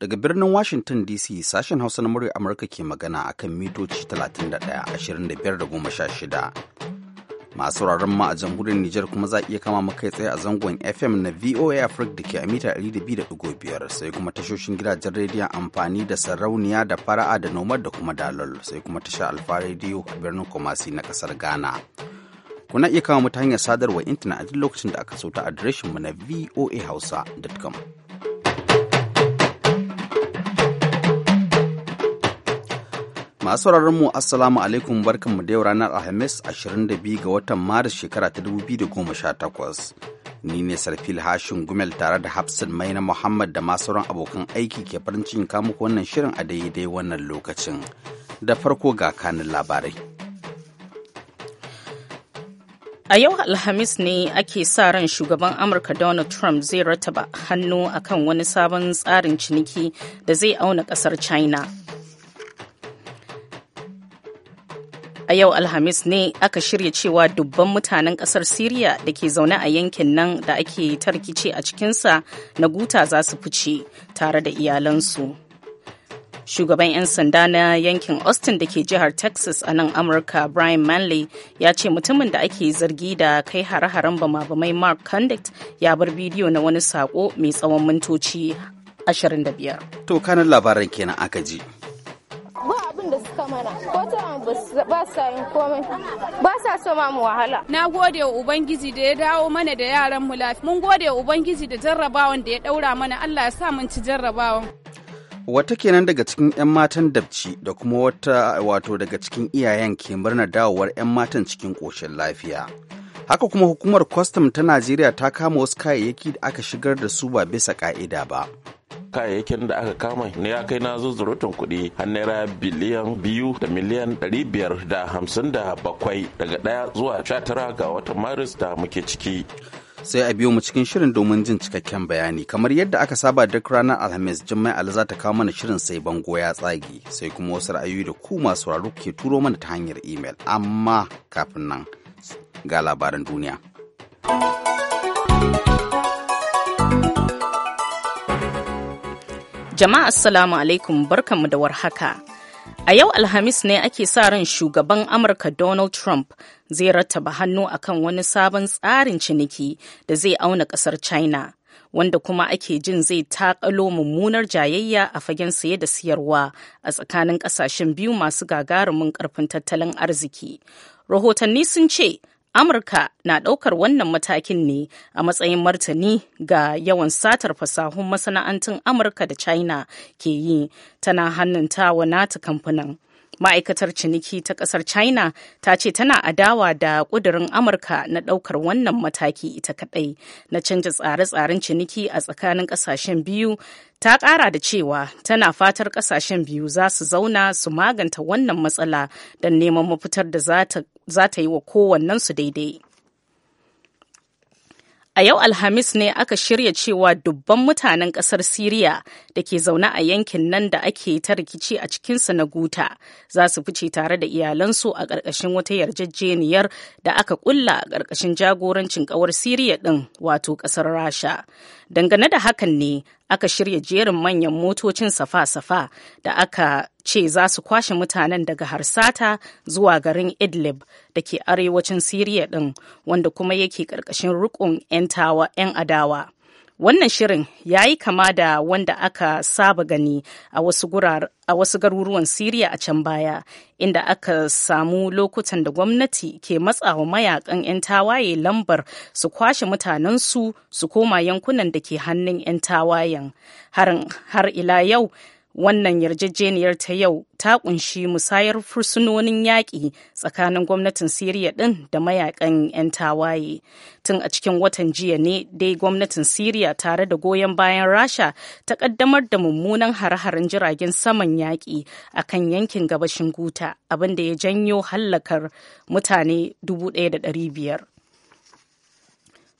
Daga birnin Washington DC sashen Hausa na murya Amurka ke magana a kan mitoci 31-25-16. Masu rarren ma a jamhuriyar Nijar kuma za iya kama maka tsaye a zangon FM na VOA Africa da ke a mita 200.5 sai kuma tashoshin gidajen rediyon amfani da sarauniya da fara'a da nomad da kuma dalol sai kuma tashar alfa rediyo a birnin Kumasi na kasar Ghana. Kuna iya kama mu ta hanyar sadarwa intanet a duk lokacin da aka so ta adireshinmu na voahausa.com. Masu mu Assalamu alaikum barkanmu da yau ranar Alhamis 22 ga watan Maris shekara ta 2018. Ni ne Sarfil Hashin Gumel tare da Hafsin Maina Muhammad da masu abokan aiki ke farin cikin muku wannan shirin a daidai wannan lokacin. Da farko ga kanin labarai. A yau Alhamis ne ake sa ran shugaban Amurka Donald Trump zai rataba hannu akan wani sabon tsarin ciniki da zai auna kasar China. a yau alhamis ne aka shirya cewa dubban mutanen kasar siriya da ke zaune a yankin nan da ake tarkice a cikinsa na guta za su fice tare da iyalansu shugaban 'yan sanda na yankin austin da ke jihar texas a nan amurka brian manley ya ce mutumin da ake zargi da kai hare-haren bama-bamai mark conduct ya bar bidiyo na wani sako mai tsawon mintoci 25 to kanan labaran kenan aka ji ba abin da suka mana ko ta ba sa yin komai ba sa so ma mu wahala na gode wa ubangiji da ya dawo mana da yaran mu lafiya mun gode wa ubangiji da jarrabawan da ya daura mana Allah ya sa mun ci jarrabawan wata kenan daga cikin 'yan matan dabci da kuma wata wato daga cikin iyayen ke murnar dawowar 'yan matan cikin koshin lafiya haka kuma hukumar kwastam ta najeriya ta kama wasu kayayyaki da aka shigar da su ba bisa ƙa'ida ba kayayyakin da aka kama ne ya kai na zuzurutun kuɗi har biliyan biyu da miliyan ɗari biyar da hamsin da bakwai daga ɗaya zuwa sha tara ga watan maris da muke ciki. sai a biyo mu cikin shirin domin jin cikakken bayani kamar yadda aka saba duk ranar alhamis jimmai ali za ta kawo mana shirin sai bango ya tsagi sai kuma wasu ra'ayoyi da ku masu raro ke turo mana ta hanyar imel amma kafin nan ga labaran duniya. Jama'a Assalamu alaikum barkanmu da warhaka. A yau Alhamis ne ake sa ran shugaban Amurka Donald Trump zai rattaba hannu akan wani sabon tsarin ciniki da zai auna ƙasar China, wanda kuma ake jin zai takalo mummunar jayayya a fagen saye da siyarwa a tsakanin ƙasashen biyu masu gagarumin ƙarfin tattalin arziki. Rahotanni sun ce Amurka na ɗaukar wannan matakin ne a matsayin martani ga yawan satar fasahun masana'antun Amurka da China ke yi tana hannunta wa nata kamfanin. Ma'aikatar ciniki ta ƙasar China ta ce tana adawa da ƙudurin Amurka na ɗaukar wannan mataki ita kaɗai na canja tsare-tsaren ciniki a tsakanin ƙasashen biyu ta ƙara da cewa tana fatar ƙasashen biyu za su zauna su maganta wannan matsala don neman mafitar da za ta za ta yi wa kowannen su daidai. A yau Alhamis ne aka shirya cewa dubban mutanen ƙasar Siriya da ke zaune a yankin nan da ake ta rikici a cikinsa na guta za su fice tare da iyalansu a ƙarƙashin wata yarjejeniyar da aka ƙulla a ƙarƙashin jagorancin ƙawar Siriya ɗin wato ƙasar Rasha. Dangane da hakan ne aka shirya jerin manyan motocin safa-safa da aka ce za su kwashe mutanen daga Harsata zuwa garin Idlib da ke arewacin Siriya din wanda kuma yake ƙarƙashin riƙon 'yan adawa. Wannan shirin ya yi kama da wanda aka saba gani a wasu garuruwan Siriya a can baya, inda aka samu lokutan da gwamnati ke matsawa mayakan 'yan tawaye lambar su kwashe mutanensu su koma yankunan da ke hannun 'yan tawayen. Har ila yau wannan yarjejeniyar ta yau ta kunshi musayar fursunonin yaƙi tsakanin gwamnatin siriya ɗin da mayakan 'yan tawaye tun a cikin watan jiya ne dai gwamnatin siriya tare da goyon bayan rasha ta ƙaddamar da mummunan hare-haren jiragen saman yaƙi a kan yankin gabashin guta abinda ya janyo hallakar mutane 1,500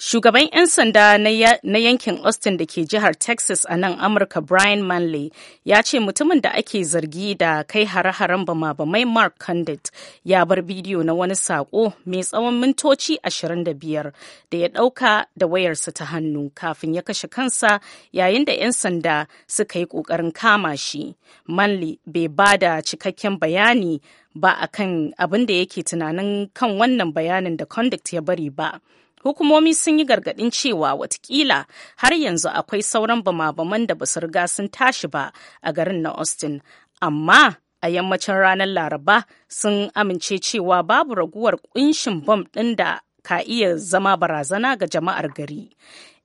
Shugaban 'yan sanda na yankin Austin da ke jihar Texas a nan Amurka Brian Manley ya ce mutumin da ake zargi da kai hare-haren bama-bamai Mark Condit ya bar bidiyo na wani sako mai tsawon mintoci 25 da ya ɗauka da wayarsa ta hannu kafin ya kashe kansa yayin da 'yan sanda suka yi ƙoƙarin kama shi. Manley bai ba da cikakken bayani ba kan abin da yake tunanin kan wannan bayanin da Condit ya bari ba. hukumomi sun yi gargaɗin cewa watakila har yanzu akwai sauran bama-baman da basu riga sun tashi ba a garin na austin amma a yammacin ranar laraba sun amince cewa babu raguwar kunshin bom ɗin da ka iya zama barazana ga jama'ar gari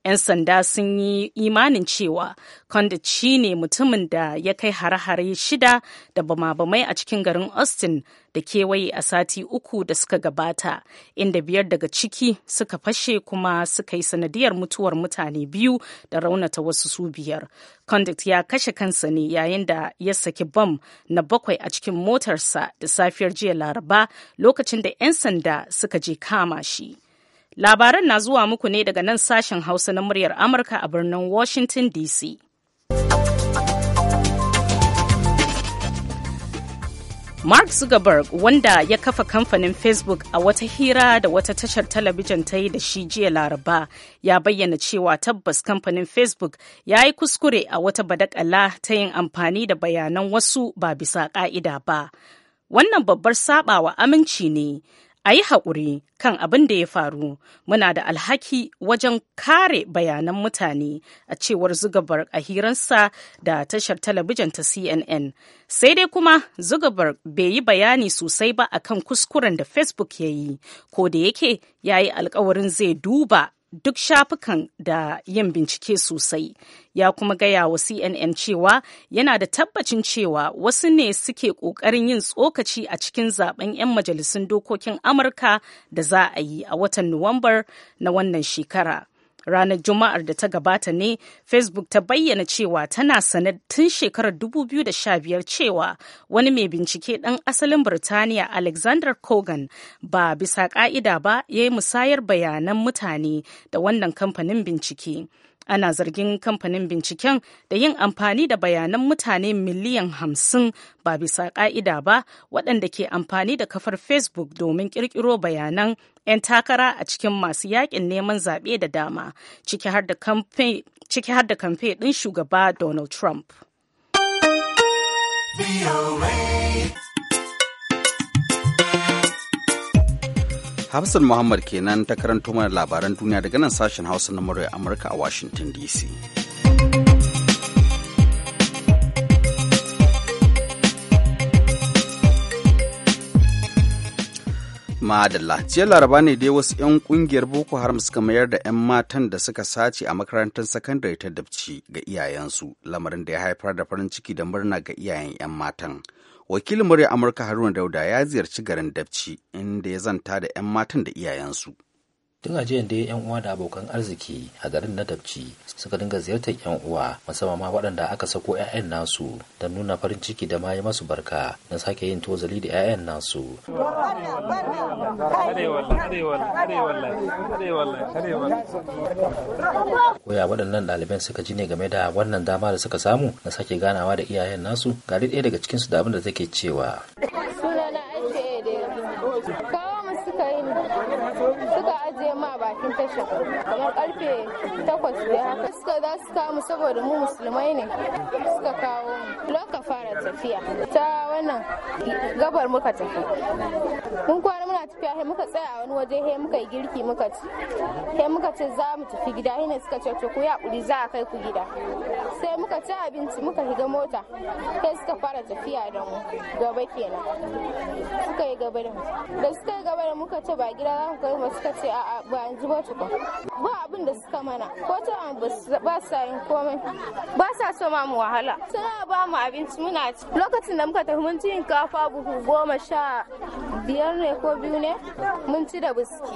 'Yan sanda sun yi imanin cewa Condit shi ne mutumin da ya kai hare-hare shida da bama-bamai a cikin garin Austin da kewaye a sati uku da suka gabata, inda biyar daga ciki suka fashe kuma suka yi sanadiyar mutuwar mutane biyu da raunata wasu su biyar. kondit ya kashe kansa ne yayin da ya saki bam na bakwai a cikin motarsa da safiyar jiya Laraba lokacin da 'yan sanda suka je kama shi. Labaran na zuwa muku ne daga nan sashen Hausa na muryar Amurka a birnin Washington DC. Mark Zuckerberg wanda ya kafa kamfanin Facebook a wata hira da wata tashar talabijin ta yi da shi jiya Laraba ya bayyana cewa tabbas kamfanin Facebook ya yi kuskure a wata badakala ta yin amfani da bayanan wasu ba bisa ka'ida ba. Wannan babbar saɓawa aminci ne a yi haƙuri kan abin da ya faru muna da alhaki wajen kare bayanan mutane a cewar zugabar a sa da tashar talabijin ta cnn sai dai kuma zugabar bai yi bayani sosai ba akan kuskuren da facebook ya yi ko da yake ya yi alkawarin zai duba duk shafukan da yin bincike sosai ya kuma gaya wa cnn cewa yana da tabbacin cewa wasu ne suke ƙoƙarin yin tsokaci a cikin zaben 'yan majalisun dokokin amurka da za a yi a watan nuwambar na wannan shekara ranar juma'ar da ta gabata ne facebook ta bayyana cewa tana sane tun shekarar 2015 cewa wani mai bincike ɗan asalin birtaniya alexander kogan ba bisa ƙa'ida ba ya yi musayar bayanan mutane da wannan kamfanin bincike ana zargin kamfanin binciken da yin amfani da bayanan mutane miliyan hamsin ba bisa ka'ida ba waɗanda ke amfani da kafar facebook domin ƙirƙiro bayanan 'yan takara a cikin masu yaƙin neman zaɓe da dama ciki har da kamfe ɗin shugaba donald trump. Hafsat Muhammad kenan ta karanto mana labaran duniya daga nan sashen Hausa na murya Amurka a Washington DC. Madalla, jiya laraba ne dai wasu 'yan kungiyar Boko Haram suka mayar da 'yan matan da suka sace a makarantar sakandare ta dabci ga iyayensu, lamarin da ya haifar da farin ciki da murna ga iyayen 'yan matan. wakilin murya amurka haruna dauda ya ziyarci garin dabci inda ya zanta da 'yan matan da iyayensu tun a jiyan da yan uwa da abokan arziki a garin na dabci suka dinga ziyartar yan uwa musamman ma waɗanda aka sako 'ya'yan nasu don nuna farin ciki da ma yi masu barka na sake yin tozali da 'ya'yan nasu koya waɗannan ɗaliban suka ji ne game da wannan dama da suka samu na sake ganawa da iyayen nasu ga ɗaya daga cikinsu da abin da take cewa station kamar karfe takwas da haka suka za su kawo mu saboda mu musulmai ne suka kawo mu fara tafiya ta wannan gabar muka tafi mun kwana muna tafiya sai muka tsaya a wani waje sai muka yi girki muka ci sai muka ce za mu tafi gida sai ne suka ce to ku ya kuri za a kai ku gida sai muka ci abinci muka shiga mota sai suka fara tafiya da mu gaba kenan suka yi gaba da mu da suka yi gaba da muka ce ba gida za mu kai mu suka ce a'a ba ji ba ba ba abin da suka mana ko ta ba sa yin komai ba sa so ma mu wahala suna ba mu abinci muna ci lokacin da muka tafi mun ci kafa buhu goma sha biyar ne ko biyu ne mun ci da biski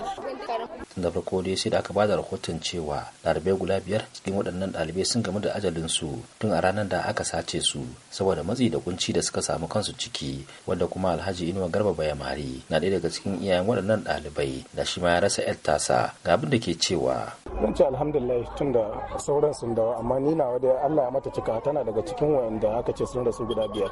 da farko dai sai da aka bada rahoton cewa ɗalibai guda biyar cikin waɗannan ɗalibai sun gamu da ajalinsu tun a ranar da aka sace su saboda matsi da kunci da suka samu kansu ciki wanda kuma alhaji inuwa garba bayamari na ɗaya daga cikin iyayen waɗannan ɗalibai da shi ma ya rasa 'yar tasa ga da ke cewa zan ce alhamdulillah tun da sauran sun dawo amma ni nawa da Allah ya mata cika tana daga cikin wayanda aka ce sun rasu guda biyar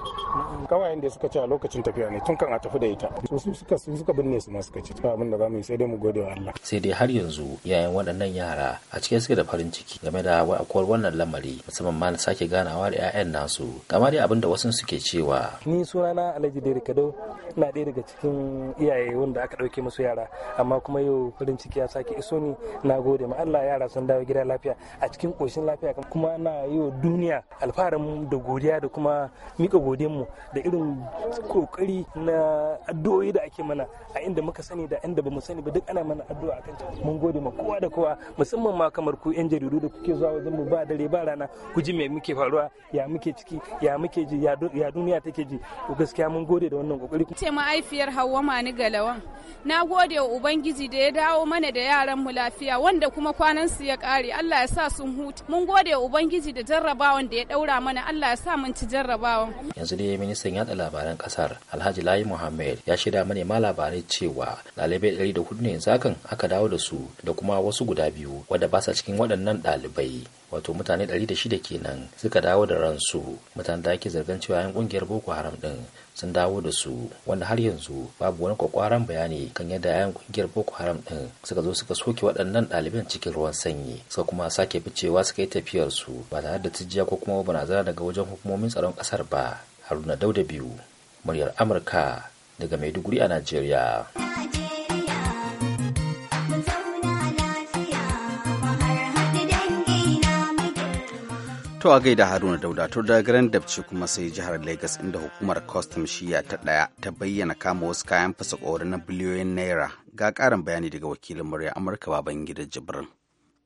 kawayen da suka ce a lokacin tafiya ne tun kan a tafi da ita su suka su suka binne su ma suka ce ba abin da zamu yi sai dai mu gode wa Allah sai dai har yanzu yayan waɗannan yara a cikin suke da farin ciki game da akwai wannan lamari musamman ma na sake ganawa da 'ya'yan nasu kamar dai abin da wasu suke cewa ni sunana Alhaji Dere Kado na ɗaya daga cikin iyaye wanda aka ɗauke musu yara amma kuma yau farin ciki ya sake iso ni ni na gode ma Allah yara sun dawo gida lafiya a cikin koshin lafiya kuma na yi wa duniya alfaharin da godiya da kuma mika godiyar mu da irin kokari na addu'o'i da ake mana a inda muka sani da inda bamu sani ba duk ana mana addu'a akan mun gode ma kowa da kowa musamman ma kamar ku yan jaridu da kuke zuwa wajen mu ba dare ba rana ku ji me muke faruwa ya muke ciki ya muke ji ya duniya take ji to gaskiya mun gode da wannan kokari ce mahaifiyar Hauwa Mani Galawan na gode wa ubangiji da ya dawo mana da yaran mu lafiya wanda kuma kwanan su ya kare Allah ya sa sun huta mun gode ubangiji da jarrabawan da ya daura mana Allah ya sa mun ci jarrabawan yanzu dai ministan yada labaran kasar Alhaji Layi Muhammad ya shirya ma labarai cewa ɗalibai ɗari da hudu ne yanzu aka dawo da su da kuma wasu guda biyu wanda ba sa cikin waɗannan ɗalibai wato mutane ɗari da shida kenan suka dawo da ransu mutane da ake zargan cewa yan kungiyar Boko Haram ɗin sun dawo da su wanda har yanzu babu wani kwakwaran bayani kan yadda 'ya'yan kungiyar boko haram din suka zo suka soke waɗannan ɗaliban cikin ruwan sanyi suka kuma sake ficewa suka yi tafiyar su ba tare da tijiya ko kuma barazana daga wajen hukumomin tsaron ƙasar ba haruna dauda biyu muryar amurka daga maiduguri a najeriya To a gaida Haruna Dauda to da garin dabci kuma sai jihar Lagos inda hukumar custom shiya ta ɗaya ta bayyana kama wasu kayan fasa na biliyoyin naira ga ƙarin bayani daga wakilin murya Amurka Babangida Jibrin.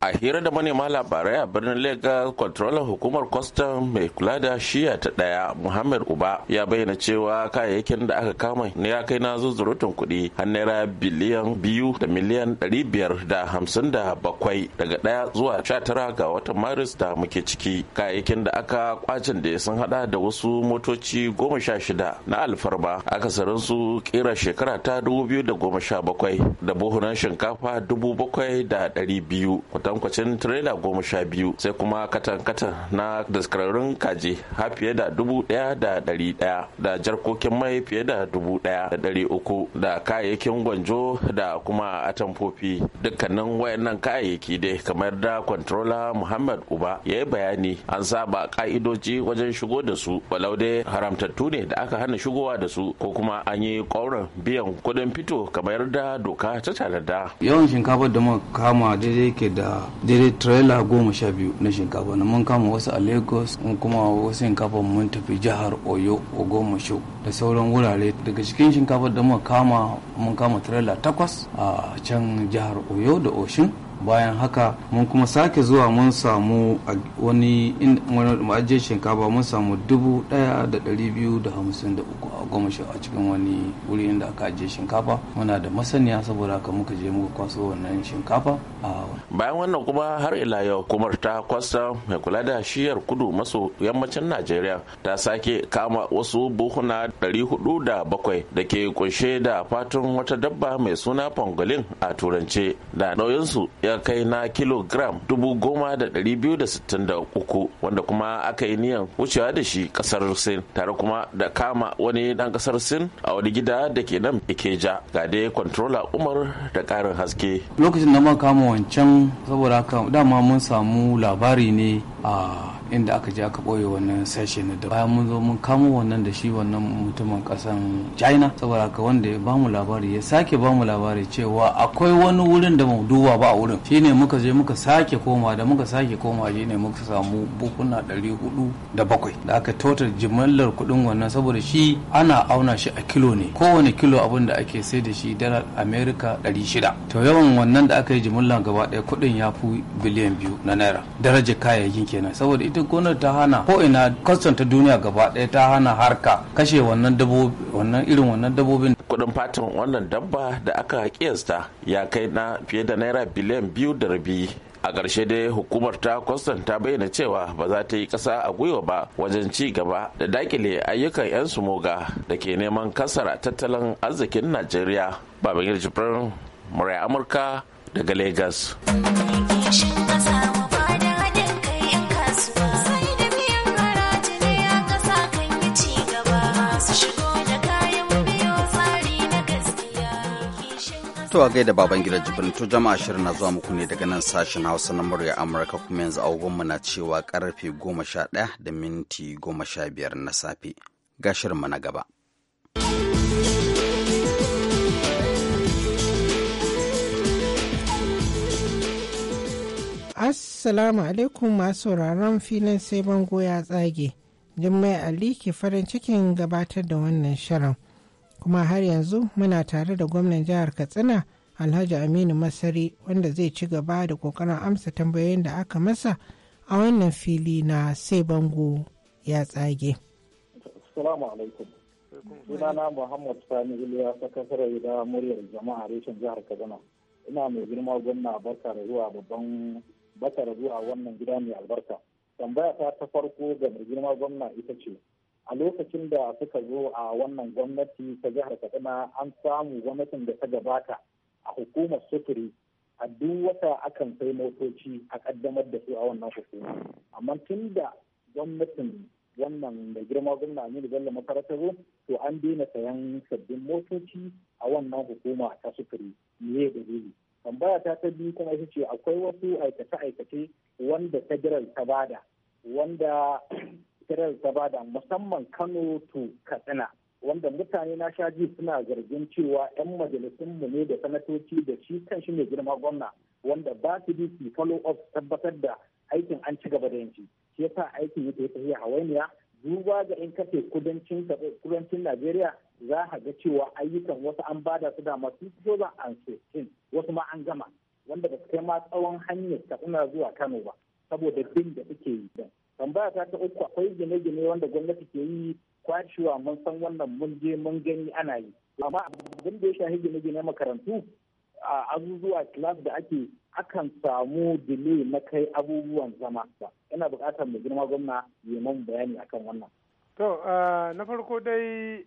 a hira da manema labarai a birnin Legas controller hukumar kwastam mai kula da shiya ta daya muhammad uba ya bayyana cewa kayayyakin da aka kama ne ya kai na zuzurutun kuɗi har naira biliyan biyu da miliyan dari biyar da hamsin da bakwai daga ɗaya zuwa sha tara ga watan maris da muke ciki kayayyakin da aka kwacin da sun hada da wasu motoci goma sha shida na alfarma sarin su kera shekara ta dubu biyu da goma sha bakwai da buhunan shinkafa dubu bakwai da dari biyu kwatankwacin tirela goma sha biyu sai kuma katan-katan na daskararrun kaji har fiye da dubu daya da dari daya da jarkokin mai fiye da dubu daya da dari uku da kayayyakin gwanjo da kuma atamfofi dukkanin wayannan kayayyaki dai kamar da kwantarola muhammad uba ya yi bayani an saba ka'idoji wajen shigo da su walau dai haramtattu ne da aka hana shigowa da su ko kuma an yi ƙaurin biyan kuɗin fito kamar da doka ta talada yawan shinkafa da muka kama daidai ke da daidai trailer goma sha biyu na shinkafa na mun kama wasu a lagos mun kuma wasu shinkafa mun tafi jihar oyo ogomosho da sauran wurare daga cikin shinkafa da kama mun kama trailer takwas a can jihar oyo da oshin bayan haka mun kuma sake zuwa mun samu wani ma'ajiyar shinkafa mun samu dubu daya da dari biyu da hamsin da uku a goma sha a cikin wani wuri inda aka ajiye shinkafa muna da masaniya saboda haka muka je muka kwaso wannan shinkafa bayan wannan kuma har ila yau hukumar ta kwasa mai kula da shiyar kudu maso yammacin najeriya ta sake kama wasu buhuna dari hudu da bakwai da ke kunshe da fatun wata dabba mai suna pangolin a turance da nauyinsu ya kai na kilogram dubu goma da ɗari biyu da sittin da uku wanda kuma aka yi niyan wucewa da shi kasar sin tare kuma da kama wani ɗan ƙasar sin a wani gida da ke nan ikeja ga dai kontrola umar da karin haske lokacin da muka kama wancan saboda haka dama mun samu labari ne a inda aka je aka ɓoye wannan sashe na da bayan mun zo mun kamo wannan da shi wannan mutumin kasan china saboda haka wanda ya bamu labari ya sake bamu labari cewa akwai wani wurin da mu duba ba a wurin shine muka je muka sake koma da muka sake koma shine muka samu bukuna ɗari hudu da bakwai da aka total jimallar kuɗin wannan saboda shi ana auna shi a kilo ne kowane kilo abin da ake sai da shi dalar amerika ɗari shida to yawan wannan da aka yi jimallar gaba ɗaya kuɗin ya fi biliyan biyu na naira darajar kayayyakin kenan saboda ita ce gonar ta hana ko ina kwastan ta duniya gaba ɗaya ta hana harka kashe wannan dabobi wannan irin wannan dabobin kudin fatan wannan dabba da aka kiyasta ya kai na fiye da naira biliyan biyu da rabi a ƙarshe dai hukumar ta kwastan ta bayyana cewa ba za ta yi ƙasa a gwiwa ba wajen ci gaba da dakile ayyukan 'yan sumoga da ke neman kasara tattalin arzikin najeriya babangir jibrin murai amurka daga lagos To a gaida baban gida jibin to jama'a shirin na zuwa muku ne daga nan sashen Hausa na murya Amurka kuma yanzu mu na cewa karfe goma sha ɗaya da minti goma sha biyar na safe. Ga shirin mu na gaba. Assalamu alaikum masu sauraron filin sai bango ya tsage. Jummai Ali ke farin cikin gabatar da wannan shirin. kuma har yanzu muna tare da gwamnan jihar katsina alhaji aminu masari wanda zai ci gaba da kokarin amsa tambayoyin da aka masa a wannan fili na sai bango ya tsage Assalamu alaikum. Sunana Muhammad Sani Iliya sakatare da muryar jama'a reshen jihar Kaduna. Ina mai girma gwamna barka da zuwa babban barka da zuwa wannan gida mai albarka. Tambaya ta ta farko ga mai girma gwamna ita ce a lokacin da suka zo a wannan gwamnati ta jihar katsina an samu gwamnatin da ta gabata a hukumar sufuri a duk wata akan sai motoci a kaddamar da su a wannan hukuma amma tun da gwamnatin wannan da girma gwamna aminu bello makaranta zo to an daina sayan sabbin motoci a wannan hukuma ta sufuri ne da dalili tambaya ta ta biyu kuma ita ce akwai wasu aikace-aikace wanda ta jiran ta bada wanda kirar ta bada musamman kano to katsina wanda mutane na sha ji suna zargin cewa 'yan majalisunmu ne da sanatoci da shi kan shi mai girma gwamna wanda ba su bi su follow up tabbatar da aikin an ci gaba da yanci shi yasa aikin yake tafiya hawainiya duba ga in kace kudancin kudancin Najeriya za a ga cewa ayyukan wasu an bada su dama su fito ba an wasu ma an gama wanda ba su kai ma tsawon hanyar Katsina zuwa Kano ba saboda bin da suke yi tambaya ta ta uku akwai gine-gine wanda gwamnati ke yi kwashewa mun san wannan mun je mun gani ana yi amma abin da ya shafi gine-gine makarantu a azuzuwa kilas da ake akan samu delay na kai abubuwan zama yana bukatar mu girma gwamna ya mun bayani akan wannan to na farko dai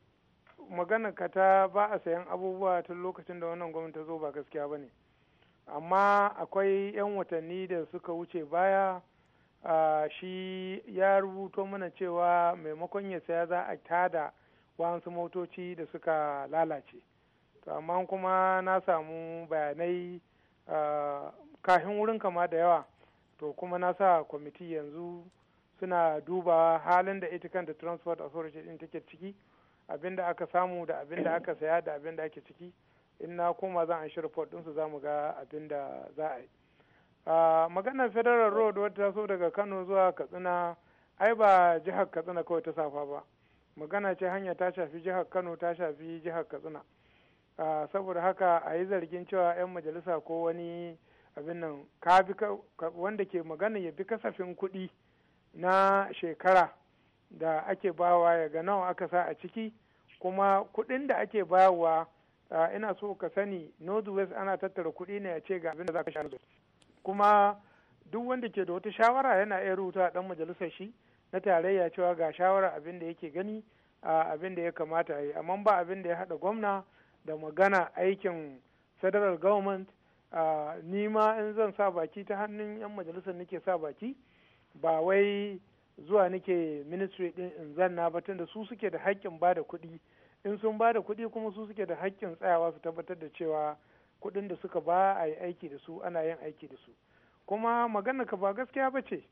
magana ka ta ba a sayan abubuwa tun lokacin da wannan gwamnati zo ba gaskiya bane amma akwai 'yan watanni da suka wuce baya a shi ya rubuto mana cewa maimakon ya saya za a tada wasu motoci da suka lalace to amma kuma na samu bayanai kafin wurin kama da yawa to kuma na sa kwamiti yanzu suna duba halin da ita kanta transport authority din take ciki abinda aka samu da abinda aka saya da abinda ake ciki in na koma zan a shi report ɗinsu za mu ga abinda za a yi a maganar federal road wadda ta so daga kano zuwa katsina ai ba jihar katsina kawai ta safa ba magana ce hanya ta shafi jihar kano ta shafi jihar katsina a saboda haka a yi zargin cewa 'yan majalisa ko wani abin nan wanda ke magana ya bi kasafin kuɗi na shekara da ake bawa ya ga nawa aka sa a ciki kuma kuɗin da ake bawa ina so ka sani north ana tattara kuɗi ne a ce ga abin da za ka sha kuma duk wanda ke da wata shawara yana iya rubuta a dan majalisar shi na tarayya cewa ga shawara abin da yake gani abin da ya kamata a yi amma ba abin da ya hada gwamna da magana aikin federal government ni ma in zan sa baki ta hannun 'yan majalisar nake sa baki ba wai zuwa nake ministry din in zanna ba tunda su suke da haƙƙin ba da kuɗi in sun ba da kuɗi kuma su suke da haƙƙin tsayawa su tabbatar da cewa kuɗin da suka ba a yi aiki da su ana yin aiki da su kuma magana ka ba gaskiya ba ce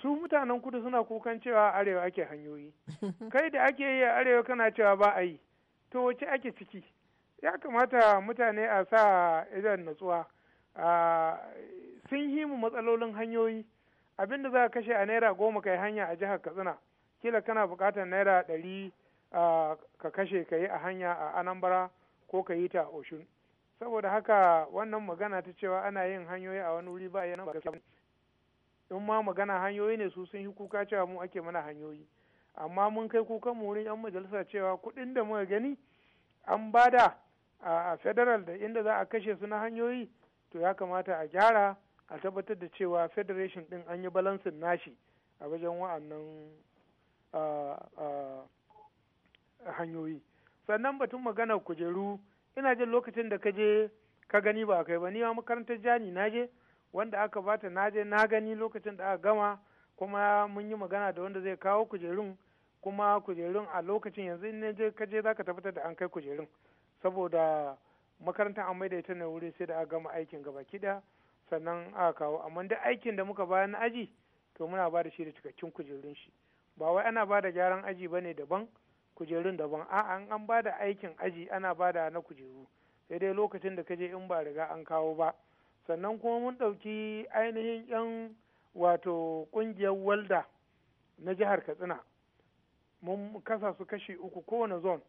su mutanen kudu suna kukan cewa arewa ake hanyoyi kai da ake yi a arewa kana cewa ba a yi to wace ake ciki ya kamata mutane a sa idan natsuwa sun yi mu matsalolin hanyoyi abinda za ka kashe a naira goma kai hanya a jihar katsina kila kana buƙatar naira ɗari ka kashe ka yi a hanya a anambra ko ka yi ta oshun saboda haka wannan magana ta cewa ana yin hanyoyi a wani wuri ba yana ba gaskiya in ma magana hanyoyi ne su sun yi kuka cewa mu ake mana hanyoyi amma mun kai kukan mu wurin yan majalisa cewa kuɗin da muka gani an bada a federal da inda za a kashe su na hanyoyi to ya kamata a gyara a tabbatar da cewa federation din an yi balansin nashi a wajen wa'annan hanyoyi sannan batun magana kujeru ina jin lokacin da ka je ka gani ba kai ba ni ma makarantar jani na je wanda aka bata na je na gani lokacin da aka gama kuma mun yi magana da wanda zai kawo kujerun kuma kujerun a lokacin yanzu in ne je ka je zaka tabbatar da an kai kujerun saboda makarantar an maida ita ne wuri sai da aka gama aikin gaba kida sannan aka kawo amma duk aikin da muka na aji to muna ba da shi da cikakken kujerun shi ba wai ana ba da gyaran aji bane daban kujerun daban a'a an ba da aikin aji ana bada na kujeru sai dai lokacin da kaje in ba riga an kawo ba sannan kuma mun ɗauki ainihin 'yan wato ƙungiyar walda na jihar katsina mun kasa su kashi uku kowane zone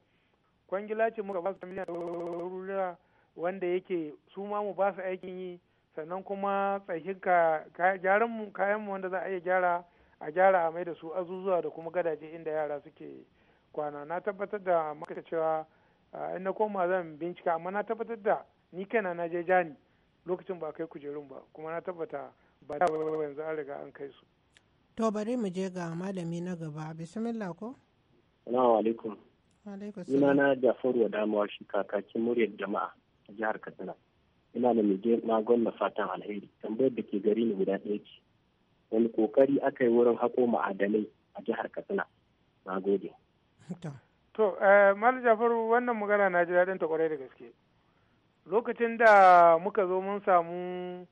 kwangila ce muka ba su miliyan wanda yake su ma mu ba su aikin yi sannan kuma tsahinka gyaran mu kayan mu wanda za a iya gyara a gyara a mai da su azuzuwa da kuma gadaje inda yara suke kwana na tabbatar da maka cewa in na koma zan bincika amma na tabbatar da ni kana na je jani lokacin ba kai kujerun ba kuma na tabbata ba da yanzu an riga an kai su to bari mu je ga malami na gaba bismillah ko Salamu alaikum ina na jafaru damawa shi kakakin muryar jama'a a jihar katsina ina da mai magon na fatan alheri tambayar da ke gari ni guda ɗaya ce wani kokari aka yi wurin haƙo ma'adanai a jihar katsina na gode To, eh, Malu Jafaru wannan magana na ji daɗin ta ƙwarai da gaske. Lokacin da muka zo mun samu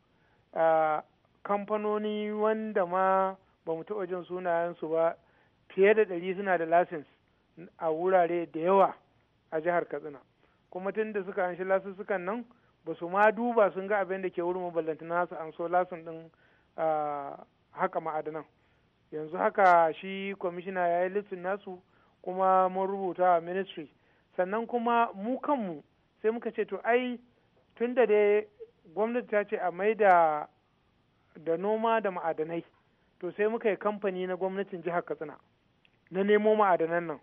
eh, kamfanoni wanda ma ba mu taɓa jin sunayensu ba fiye da ɗari suna da lasins a wurare da yawa a jihar Katsina. Kuma tun da suka anshi lasussukan nan ba su ma duba sun ga abin da ke wurin maballantana su an so lasin ɗin eh, haka ma'adanan. Yanzu haka shi kwamishina ya yi listin nasu. kuma mun rubuta ministry sannan kuma mu kanmu sai muka ce to ai tun da dai gwamnati ta ce a mai da noma da ma'adanai to sai muka yi kamfani na gwamnatin jihar katsina na nemo ma'adanan nan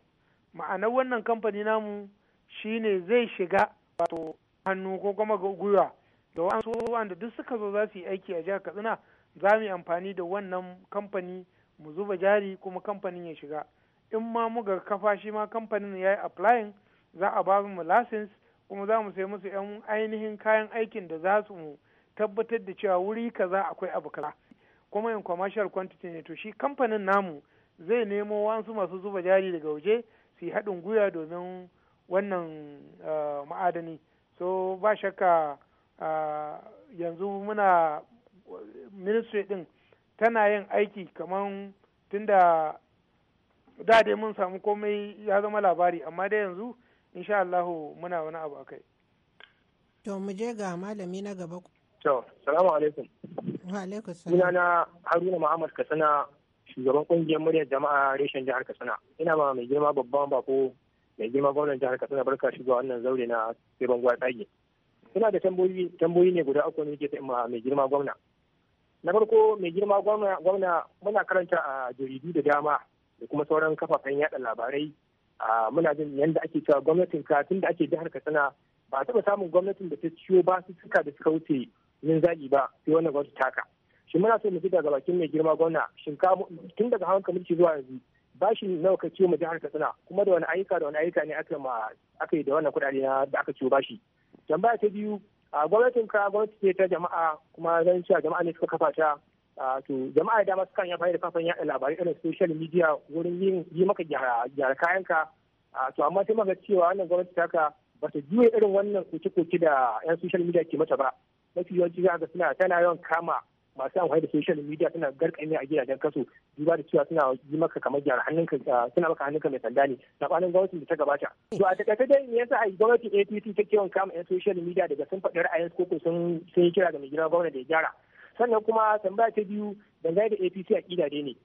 ma'anar wannan kamfani namu shine zai shiga wato hannu ko kuma gwiwa da wasu wanda duk suka zo za su yi aiki a jihar katsina za mu yi amfani da wannan kamfani mu zuba jari kuma kamfanin ya shiga in ma muka kafa shi ma kamfanin ya yi applying za a ba mu license kuma za mu sai musu yan ainihin kayan aikin da za su mu tabbatar da cewa wuri kaza akwai abu kaza kuma in commercial quantity ne to shi kamfanin namu zai nemo wasu masu zuba jari daga waje su yi haɗin gwiwa domin wannan eh, ma'adani so ba shakka eh, yanzu muna ministry ɗin tana yin aiki kamar tunda da dai mun samu komai ya zama labari amma dai yanzu insha Allah muna wani abu akai to mu je ga malami na gaba to salamu alaikum wa alaikum salam na Haruna Muhammad Katsina shugaban kungiyar muryar jama'a reshen jihar Katsina ina ma mai girma babban bako mai girma gwamnan jihar Katsina barka zuwa wannan zaure na sai banguwa tsage ina da tamboyi tamboyi ne guda uku ne ke ta mai girma gwamna na farko mai girma gwamna muna karanta a jaridu da dama da kuma sauran kafafen yada labarai muna jin yadda ake cewa gwamnatin ka tun da ake jihar katsina ba taba samun gwamnatin da ta ciwo ba su suka da suka wuce yin zaɓi ba sai wannan gwamnati taka shi muna so mu fita daga bakin mai girma gwamna shin tun daga hawan mulki zuwa yanzu bashin nawa ka ciyo mu jihar katsina kuma da wani ayyuka da wani ayyuka ne aka ma aka yi da wannan kuɗaɗe da aka ciyo bashi tambaya ta biyu a gwamnatin ka gwamnati ce ta jama'a kuma zan cewa jama'a ne suka kafa ta Ah, to jama'a da masu kan ya da kafan yaɗa labarai irin social media wurin yin yi maka gyara kayanka ah, to amma sai maka cewa wannan gwamnati ta ka ba ta juya irin wannan koke-koke da 'yan social media ke mata ba mafi yawanci za ga suna tana yawan kama masu amfani da social media suna garkami a gidajen kaso duba da cewa suna yi maka kamar gyara hannunka ah, suna maka hannunka mai sanda ne na kwanan gwamnatin da ta gabata to a takaice dai me yasa gwamnatin APC ta yawan kama yan social media daga sun faɗi ra'ayin ko sun yi kira ga mai gidan gwamnati da ya gyara sannan kuma tambaya ta biyu dangane da apc a kidade ne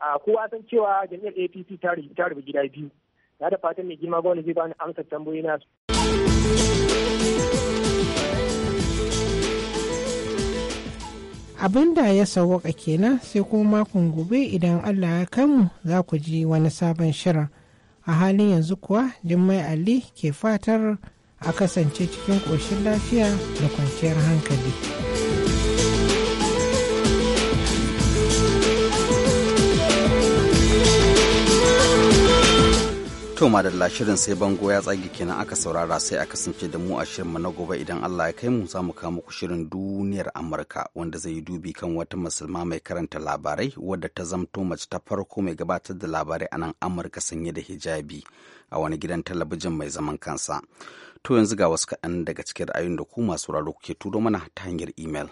a kowa san cewa jam'iyyar apc ta rubu gida biyu na da fatan mai girma gwamnati zai bani amsa tambayoyi na su. abin da ya sauwaka kenan sai kuma makon gobe idan allah ya kanmu za ku ji wani sabon shirin a halin yanzu kuwa jimmai ali ke fatar a kasance cikin ƙoshin lafiya da kwanciyar hankali. To madalla shirin sai bango ya tsage kenan aka saurara sai aka kasance da mu a shirinmu na gobe idan Allah ya kai mu za mu kawo muku shirin duniyar Amurka wanda zai yi dubi kan wata musulma mai karanta labarai wadda ta zamto mace ta farko mai gabatar da labarai a nan Amurka sanye da hijabi a wani gidan talabijin mai zaman kansa. To yanzu ga wasu kaɗan daga cikin ra'ayoyin da ku masu raro kuke turo mana ta hanyar imel.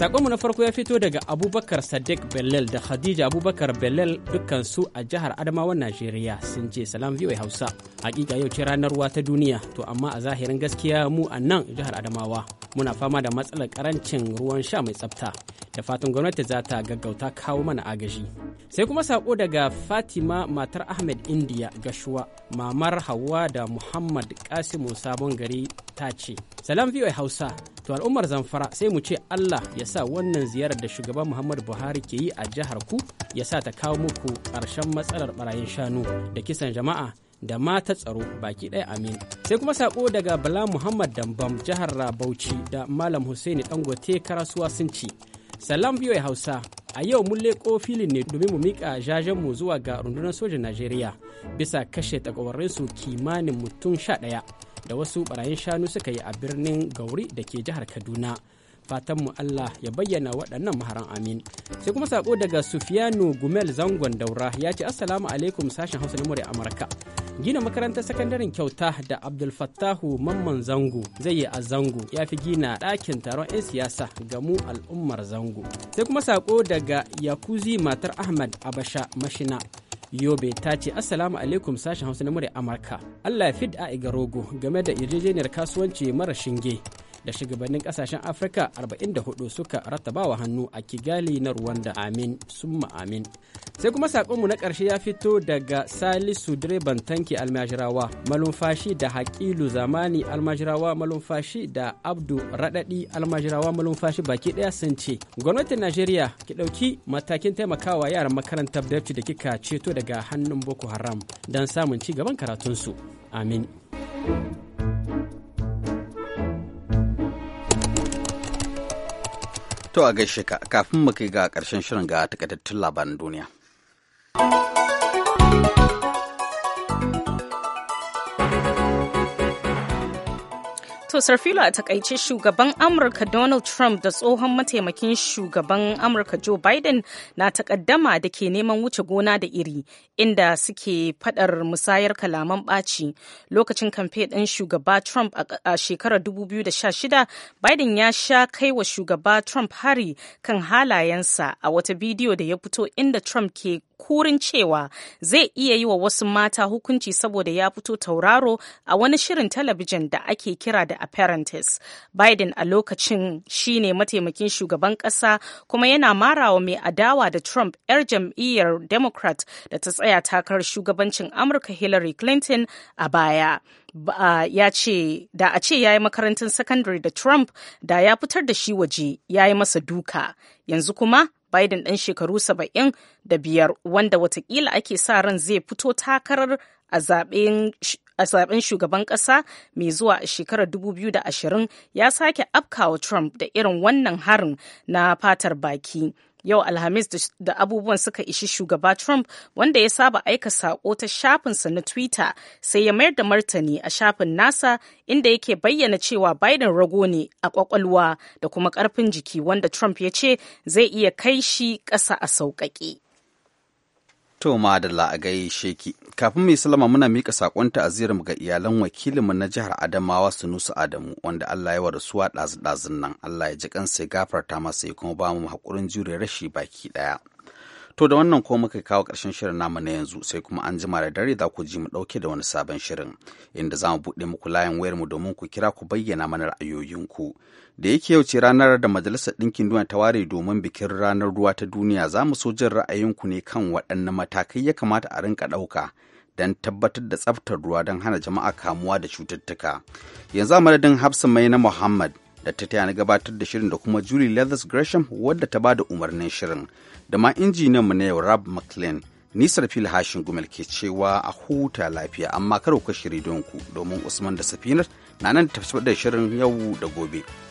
Sakonmu na farko ya fito daga Abubakar Sadiq Bellel da Khadija Abubakar Bellel dukkansu a jihar Adamawa Najeriya sun je salam VOA Hausa. Hakika yau ce ranar ruwa ta duniya to amma a zahirin gaskiya mu a nan jihar Adamawa muna fama da matsalar karancin ruwan sha mai tsafta da fatan gwamnati za ta gaggauta kawo mana agaji. Sai kuma sako daga Fatima matar Ahmed India Gashuwa mamar Hauwa da Muhammad Kasimu Sabon Gari ta ce salam VOA Hausa To al'ummar zamfara sai mu ce Allah ya sa wannan ziyarar da shugaban Muhammadu Buhari ke yi a jihar ku ya sa ta kawo muku ƙarshen matsalar barayin shanu da kisan jama'a da mata tsaro baki ɗaya amin. Sai kuma sako daga Bala Muhammad Dambam jihar Rabauci da Malam Hussaini Dangote Karasuwa sun ci. Salam biyoyi Hausa, a yau mun leƙo filin ne domin mu miƙa mu zuwa ga rundunar sojin Najeriya bisa kashe takwawarrinsu kimanin mutum sha ɗaya. da wasu barayin shanu suka yi a birnin gauri da ke jihar kaduna fatanmu allah ya bayyana waɗannan maharan amin sai kuma sako daga sufiyanu gumel zangon daura ya ce assalamu alaikum sashen hausa na murya amurka gina makarantar sakandaren kyauta da abdul fattahu mamman zango zai yi a zango ya fi gina ɗakin taron 'yan siyasa ga mu al'ummar zango sai kuma sako daga yakuzi matar ahmad abasha mashina yobe ta ce assalamu alaikum sashen hausa na murya amurka allah ya fid a rogo game da yarjejeniyar kasuwanci mara shinge da shugabannin kasashen afirka 44 suka rattabawa hannu a kigali na rwanda amin summa amin sai kuma sakonmu na ƙarshe ya fito daga salisu direban tanki almajirawa malumfashi da haƙilu zamani almajirawa malumfashi da abdu raɗaɗi almajirawa malumfashi baki ɗaya sun ce gwamnatin najeriya ki ɗauki matakin taimakawa yaran makarantar dabci da kika ceto daga hannun boko haram don samun ci gaban karatunsu amin To a gaishe ka kafin mu kai ga ƙarshen shirin ga takaitattun labaran duniya. To Sarfilo a takaice shugaban Amurka Donald Trump da tsohon mataimakin shugaban Amurka Joe Biden na takaddama da ke neman wuce gona da iri inda suke fadar musayar kalaman ɓaci. Lokacin kamfe ɗin shugaba Trump a shekarar 2016, Biden ya sha kai wa shugaba Trump hari kan halayensa a wata bidiyo da ya fito inda Trump ke kurin cewa zai iya yi wa wasu mata hukunci saboda ya fito tauraro a wani shirin talabijin da ake kira da apprentice biden a lokacin shine mataimakin shugaban kasa kuma yana marawa mai adawa da trump 'yar jam'iyyar democrat da ta tsaya takarar shugabancin amurka hillary clinton a baya Uh, ya ce da a ce ya yi makarantar sakandare da trump da ya fitar da shi waje ya yi masa duka yanzu kuma Biden ɗan shekaru saba'in da biyar wanda watakila ake sa ran zai fito takarar a zaben shugaban ƙasa mai zuwa a shekarar 2020 ya sake afkawa Trump da irin wannan harin na fatar baki. yau alhamis da abubuwan suka ishi shugaba trump wanda ya saba aika sako ta shafinsa na twitter sai ya mayar da martani a shafin nasa inda yake bayyana cewa biden rago ne a kwakwalwa da kuma karfin jiki wanda trump ya ce zai iya kai shi ƙasa a sauƙaƙe To madalla a gaishe sheki, Kafin mai salama muna mika saƙon ta'aziyar ga iyalan wakilinmu na jihar Adamawa su Sunusu Adamu wanda Allah ya suwa ɗazu-ɗazun nan. Allah ya ji kansa ya gafarta masa ya kuma ba mu haƙurin jure rashi baki ɗaya. To da wannan ko muka kawo ƙarshen shirin namu na yanzu sai kuma an jima da dare za ku ji mu ɗauke da wani sabon shirin inda za mu buɗe muku layin wayar mu domin ku kira ku bayyana mana ra'ayoyinku. Da yake yau ce ranar da Majalisar Ɗinkin Duniya ta ware domin bikin ranar ruwa ta duniya za mu so jin ra'ayinku ne kan waɗanne matakai ya kamata a rinka ɗauka don tabbatar da tsaftar ruwa don hana jama'a kamuwa da cututtuka. Yanzu a madadin Hafsa Mai na Muhammad da ta taya na gabatar da shirin da kuma Julie Leathers Gresham wadda ta ba da umarnin shirin. da ma injiniyan mu na yau Rab McLean. ni Sarfil hashin gumel ke cewa a huta lafiya amma kar ku kashe ku domin Usman da Safinar na nan tafi da shirin yau da gobe.